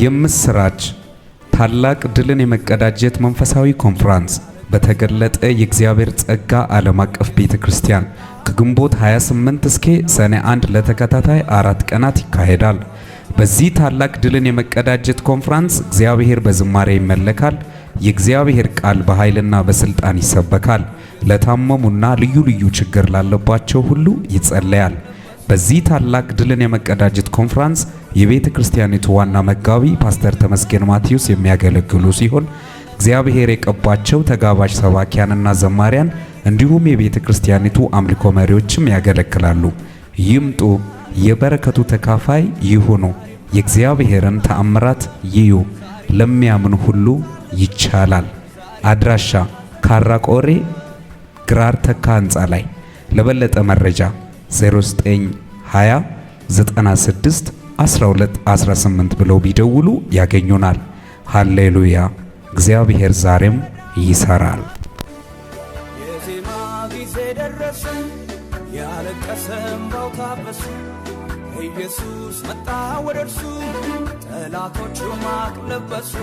የምስራች ታላቅ ድልን የመቀዳጀት መንፈሳዊ ኮንፍራንስ በተገለጠ የእግዚአብሔር ጸጋ ዓለም አቀፍ ቤተ ክርስቲያን ከግንቦት 28 እስከ ሰኔ 1 ለተከታታይ አራት ቀናት ይካሄዳል። በዚህ ታላቅ ድልን የመቀዳጀት ኮንፍራንስ እግዚአብሔር በዝማሬ ይመለካል። የእግዚአብሔር ቃል በኃይልና በስልጣን ይሰበካል። ለታመሙና ልዩ ልዩ ችግር ላለባቸው ሁሉ ይጸለያል። በዚህ ታላቅ ድልን የመቀዳጀት ኮንፍራንስ የቤተ ክርስቲያኒቱ ዋና መጋቢ ፓስተር ተመስገን ማቴዎስ የሚያገለግሉ ሲሆን እግዚአብሔር የቀባቸው ተጋባዥ ሰባኪያንና ዘማሪያን እንዲሁም የቤተ ክርስቲያኒቱ አምልኮ መሪዎችም ያገለግላሉ። ይምጡ፣ የበረከቱ ተካፋይ ይሁኑ፣ የእግዚአብሔርን ተአምራት ይዩ። ለሚያምኑ ሁሉ ይቻላል። አድራሻ ካራቆሬ ግራር ተካ ህንፃ ላይ ለበለጠ መረጃ 0920 96 12 18 ብለው ቢደውሉ ያገኙናል። ሃሌሉያ! እግዚአብሔር ዛሬም ይሰራል። የዜማ ጊዜ ደረሰ፣ ያለቀሰ እምባው ታበሰ። ኢየሱስ መጣ ወደ እርሱ፣ ጠላቶቹ ማቅ ለበሱ።